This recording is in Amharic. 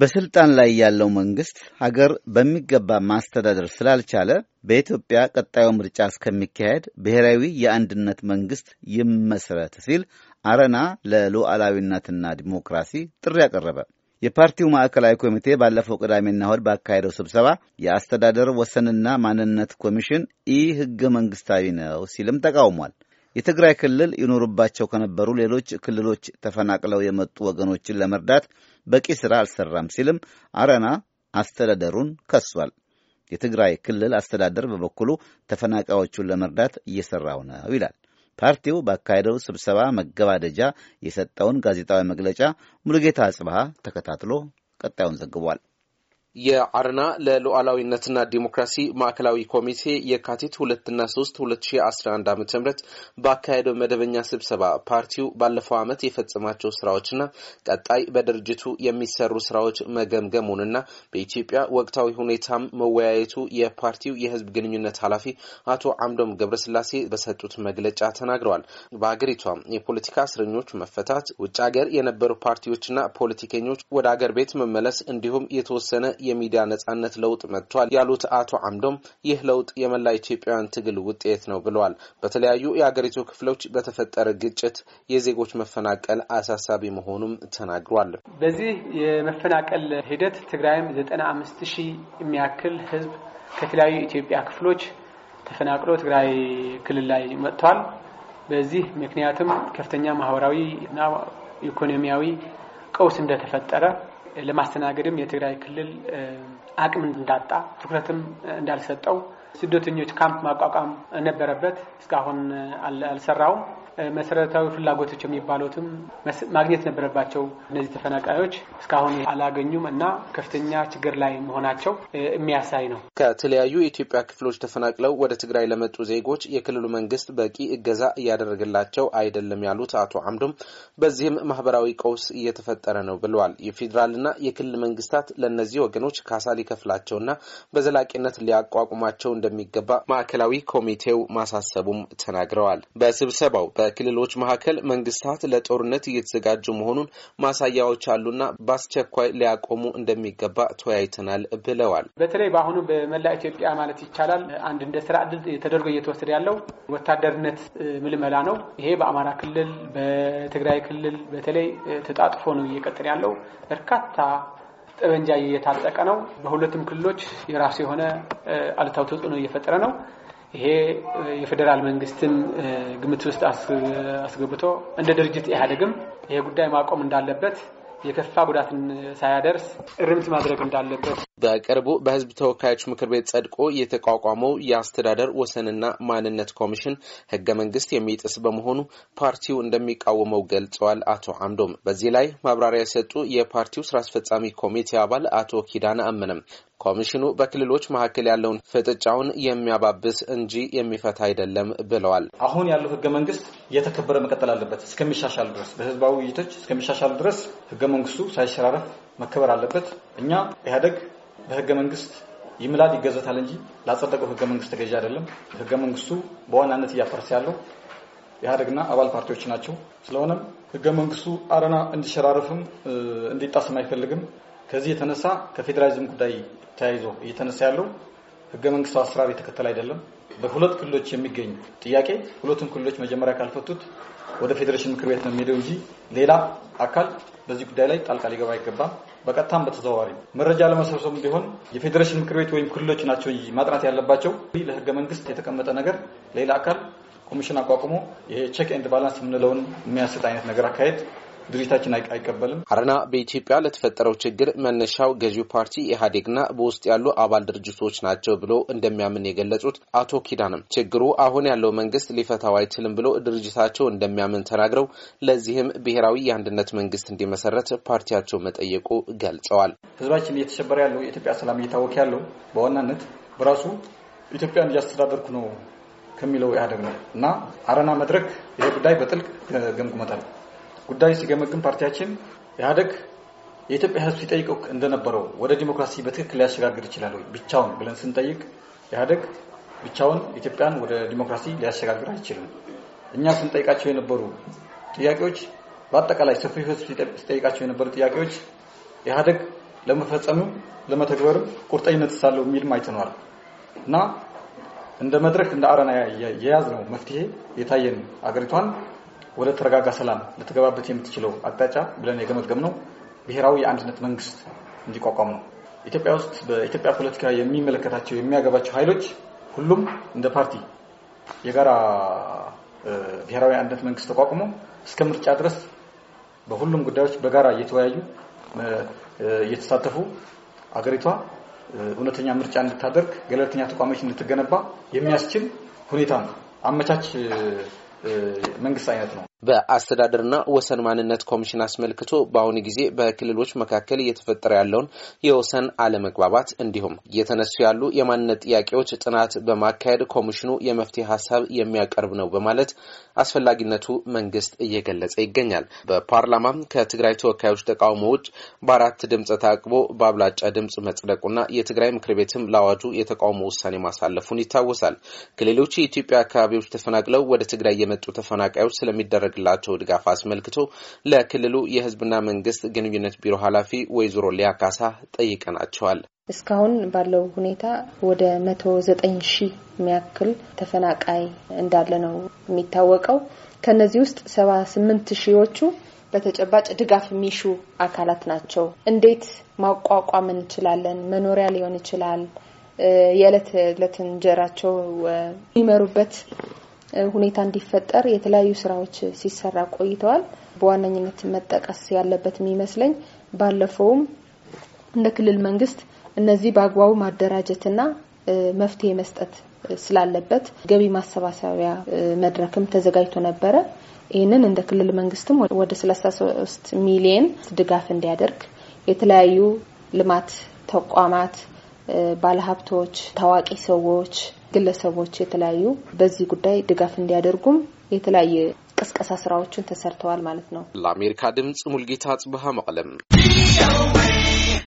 በስልጣን ላይ ያለው መንግስት ሀገር በሚገባ ማስተዳደር ስላልቻለ በኢትዮጵያ ቀጣዩ ምርጫ እስከሚካሄድ ብሔራዊ የአንድነት መንግስት ይመስረት ሲል አረና ለሉዓላዊነትና ዲሞክራሲ ጥሪ አቀረበ። የፓርቲው ማዕከላዊ ኮሚቴ ባለፈው ቅዳሜና እሁድ ባካሄደው ስብሰባ የአስተዳደር ወሰንና ማንነት ኮሚሽን ኢ ህገ መንግስታዊ ነው ሲልም ተቃውሟል። የትግራይ ክልል ይኖሩባቸው ከነበሩ ሌሎች ክልሎች ተፈናቅለው የመጡ ወገኖችን ለመርዳት በቂ ስራ አልሰራም ሲልም አረና አስተዳደሩን ከሷል። የትግራይ ክልል አስተዳደር በበኩሉ ተፈናቃዮቹን ለመርዳት እየሰራው ነው ይላል። ፓርቲው ባካሄደው ስብሰባ መገባደጃ የሰጠውን ጋዜጣዊ መግለጫ ሙሉጌታ አጽብሃ ተከታትሎ ቀጣዩን ዘግቧል። የአርና ለሉዓላዊነትና ዲሞክራሲ ማዕከላዊ ኮሚቴ የካቲት ሁለትና ሶስት ሁለት ሺ አስራ አንድ ዓመተ ምህረት በአካሄደው መደበኛ ስብሰባ ፓርቲው ባለፈው ዓመት የፈጸማቸው ስራዎችና ቀጣይ በድርጅቱ የሚሰሩ ስራዎች መገምገሙንና በኢትዮጵያ ወቅታዊ ሁኔታም መወያየቱ የፓርቲው የህዝብ ግንኙነት ኃላፊ አቶ አምዶም ገብረስላሴ በሰጡት መግለጫ ተናግረዋል። በሀገሪቷ የፖለቲካ እስረኞች መፈታት፣ ውጭ ሀገር የነበሩ ፓርቲዎችና ፖለቲከኞች ወደ አገር ቤት መመለስ እንዲሁም የተወሰነ የሚዲያ ነጻነት ለውጥ መጥቷል ያሉት አቶ አምዶም ይህ ለውጥ የመላ ኢትዮጵያውያን ትግል ውጤት ነው ብለዋል። በተለያዩ የአገሪቱ ክፍሎች በተፈጠረ ግጭት የዜጎች መፈናቀል አሳሳቢ መሆኑም ተናግሯል። በዚህ የመፈናቀል ሂደት ትግራይም ዘጠና አምስት ሺህ የሚያክል ህዝብ ከተለያዩ የኢትዮጵያ ክፍሎች ተፈናቅሎ ትግራይ ክልል ላይ መጥቷል። በዚህ ምክንያትም ከፍተኛ ማህበራዊ እና ኢኮኖሚያዊ ቀውስ እንደተፈጠረ ለማስተናገድም የትግራይ ክልል አቅም እንዳጣ ትኩረትም እንዳልሰጠው ስደተኞች ካምፕ ማቋቋም ነበረበት። እስካሁን አልሰራውም። መሰረታዊ ፍላጎቶች የሚባሉትም ማግኘት ነበረባቸው። እነዚህ ተፈናቃዮች እስካሁን አላገኙም እና ከፍተኛ ችግር ላይ መሆናቸው የሚያሳይ ነው። ከተለያዩ የኢትዮጵያ ክፍሎች ተፈናቅለው ወደ ትግራይ ለመጡ ዜጎች የክልሉ መንግስት በቂ እገዛ እያደረገላቸው አይደለም ያሉት አቶ አምዶም በዚህም ማህበራዊ ቀውስ እየተፈጠረ ነው ብለዋል። የፌዴራልና የክልል መንግስታት ለእነዚህ ወገኖች ካሳ ሊከፍላቸውና በዘላቂነት ሊያቋቁማቸው እንደሚገባ ማዕከላዊ ኮሚቴው ማሳሰቡም ተናግረዋል። በስብሰባው በክልሎች መካከል መንግስታት ለጦርነት እየተዘጋጁ መሆኑን ማሳያዎች አሉና በአስቸኳይ ሊያቆሙ እንደሚገባ ተወያይተናል ብለዋል። በተለይ በአሁኑ በመላ ኢትዮጵያ ማለት ይቻላል አንድ እንደ ስራ እድል ተደርጎ እየተወሰደ ያለው ወታደርነት ምልመላ ነው። ይሄ በአማራ ክልል፣ በትግራይ ክልል በተለይ ተጣጥፎ ነው እየቀጠለ ያለው በርካታ ጠበንጃ እየታጠቀ ነው። በሁለቱም ክልሎች የራሱ የሆነ አሉታዊ ተጽዕኖ እየፈጠረ ነው። ይሄ የፌዴራል መንግስትን ግምት ውስጥ አስገብቶ እንደ ድርጅት ኢህአዴግም ይሄ ጉዳይ ማቆም እንዳለበት የከፋ ጉዳትን ሳያደርስ እርምት ማድረግ እንዳለበት በቅርቡ በህዝብ ተወካዮች ምክር ቤት ጸድቆ የተቋቋመው የአስተዳደር ወሰንና ማንነት ኮሚሽን ህገ መንግስት የሚጥስ በመሆኑ ፓርቲው እንደሚቃወመው ገልጸዋል። አቶ አምዶም በዚህ ላይ ማብራሪያ የሰጡ የፓርቲው ስራ አስፈጻሚ ኮሚቴ አባል አቶ ኪዳነ አመነም ኮሚሽኑ በክልሎች መካከል ያለውን ፍጥጫውን የሚያባብስ እንጂ የሚፈታ አይደለም ብለዋል። አሁን ያለው ህገ መንግስት እየተከበረ መቀጠል አለበት። እስከሚሻሻል ድረስ በህዝባዊ ውይይቶች እስከሚሻሻል ድረስ ህገ መንግስቱ ሳይሸራረፍ መከበር አለበት። እኛ ኢህአዴግ ለህገ መንግስት ይምላል ይገዘታል እንጂ ላጸደቀው ህገ መንግስት ተገዥ አይደለም። ህገ መንግስቱ በዋናነት እያፈረሰ ያለው ኢህአዴግና አባል ፓርቲዎች ናቸው። ስለሆነም ህገ መንግስቱ አረና እንዲሸራረፍም እንዲጣስም አይፈልግም። ከዚህ የተነሳ ከፌዴራሊዝም ጉዳይ ተያይዞ እየተነሳ ያለው ህገ መንግስቱ አሰራር የተከተለ አይደለም። በሁለት ክልሎች የሚገኝ ጥያቄ ሁለቱም ክልሎች መጀመሪያ ካልፈቱት ወደ ፌዴሬሽን ምክር ቤት ነው የሚሄደው እንጂ ሌላ አካል በዚህ ጉዳይ ላይ ጣልቃ ሊገባ አይገባም። በቀጥታም በተዘዋዋሪ መረጃ ለመሰብሰብ ቢሆን የፌዴሬሽን ምክር ቤት ወይም ክልሎች ናቸው እንጂ ማጥናት ያለባቸው። ለህገ መንግስት የተቀመጠ ነገር ሌላ አካል ኮሚሽን አቋቁሞ ይሄ ቼክ ኤንድ ባላንስ የምንለውን የሚያስጥ አይነት ነገር አካሄድ ድርጅታችን አይቀበልም። አረና በኢትዮጵያ ለተፈጠረው ችግር መነሻው ገዢው ፓርቲ ኢህአዴግና በውስጥ ያሉ አባል ድርጅቶች ናቸው ብሎ እንደሚያምን የገለጹት አቶ ኪዳንም ችግሩ አሁን ያለው መንግስት ሊፈታው አይችልም ብሎ ድርጅታቸው እንደሚያምን ተናግረው ለዚህም ብሔራዊ የአንድነት መንግስት እንዲመሰረት ፓርቲያቸው መጠየቁ ገልጸዋል። ህዝባችን እየተሸበረ ያለው የኢትዮጵያ ሰላም እየታወከ ያለው በዋናነት በራሱ ኢትዮጵያን እያስተዳደርኩ ነው ከሚለው ኢህአዴግ ነው እና አረና መድረክ ይሄ ጉዳይ በጥልቅ ገምግመታል። ጉዳይ ሲገመግም ፓርቲያችን ኢህአደግ የኢትዮጵያ ህዝብ ሲጠይቀው እንደነበረው ወደ ዲሞክራሲ በትክክል ሊያሸጋግር ይችላል ወይ ብቻውን ብለን ስንጠይቅ ኢህአደግ ብቻውን ኢትዮጵያን ወደ ዲሞክራሲ ሊያሸጋግር አይችልም። እኛ ስንጠይቃቸው የነበሩ ጥያቄዎች በአጠቃላይ ሰፊ ህዝብ ሲጠይቃቸው የነበሩ ጥያቄዎች ኢህአደግ ለመፈጸምም ለመተግበርም ቁርጠኝነት ሳለው የሚልም አይተኗል እና እንደ መድረክ እንደ አረና የያዝ ነው መፍትሄ የታየን አገሪቷን ወደ ተረጋጋ ሰላም ልትገባበት የምትችለው አቅጣጫ ብለን የገመገምነው ብሔራዊ የአንድነት መንግስት እንዲቋቋም ነው። ኢትዮጵያ ውስጥ በኢትዮጵያ ፖለቲካ የሚመለከታቸው የሚያገባቸው ኃይሎች ሁሉም እንደ ፓርቲ የጋራ ብሔራዊ አንድነት መንግስት ተቋቁሞ እስከ ምርጫ ድረስ በሁሉም ጉዳዮች በጋራ እየተወያዩ እየተሳተፉ አገሪቷ እውነተኛ ምርጫ እንድታደርግ ገለልተኛ ተቋሞች እንድትገነባ የሚያስችል ሁኔታ ነው አመቻች መንግስት አይነት ነው። በአስተዳደርና ወሰን ማንነት ኮሚሽን አስመልክቶ በአሁኑ ጊዜ በክልሎች መካከል እየተፈጠረ ያለውን የወሰን አለመግባባት እንዲሁም እየተነሱ ያሉ የማንነት ጥያቄዎች ጥናት በማካሄድ ኮሚሽኑ የመፍትሄ ሀሳብ የሚያቀርብ ነው በማለት አስፈላጊነቱ መንግስት እየገለጸ ይገኛል። በፓርላማ ከትግራይ ተወካዮች ተቃውሞ ውጭ በአራት ድምፅ ታቅቦ በአብላጫ ድምፅ መጽደቁና የትግራይ ምክር ቤትም ለአዋጁ የተቃውሞ ውሳኔ ማሳለፉን ይታወሳል። ክልሎች የኢትዮጵያ አካባቢዎች ተፈናቅለው ወደ ትግራይ የመጡ ተፈናቃዮች ስለሚደረግላቸው ድጋፍ አስመልክቶ ለክልሉ የህዝብና መንግስት ግንኙነት ቢሮ ኃላፊ ወይዘሮ ሊያ ካሳ ጠይቀናቸዋል። እስካሁን ባለው ሁኔታ ወደ መቶ ዘጠኝ ሺህ የሚያክል ተፈናቃይ እንዳለ ነው የሚታወቀው። ከነዚህ ውስጥ ሰባ ስምንት ሺዎቹ በተጨባጭ ድጋፍ የሚሹ አካላት ናቸው። እንዴት ማቋቋም እንችላለን? መኖሪያ ሊሆን ይችላል የዕለት ዕለት እንጀራቸው የሚመሩበት ሁኔታ እንዲፈጠር የተለያዩ ስራዎች ሲሰራ ቆይተዋል። በዋነኝነት መጠቀስ ያለበት የሚመስለኝ ባለፈውም እንደ ክልል መንግስት እነዚህ በአግባቡ ማደራጀትና መፍትሄ መስጠት ስላለበት ገቢ ማሰባሰቢያ መድረክም ተዘጋጅቶ ነበረ። ይህንን እንደ ክልል መንግስትም ወደ 33 ሚሊየን ድጋፍ እንዲያደርግ የተለያዩ ልማት ተቋማት፣ ባለሀብቶች፣ ታዋቂ ሰዎች ግለሰቦች የተለያዩ በዚህ ጉዳይ ድጋፍ እንዲያደርጉም የተለያየ ቅስቀሳ ስራዎችን ተሰርተዋል ማለት ነው። ለአሜሪካ ድምፅ ሙልጌታ ጽብሃ መቅለም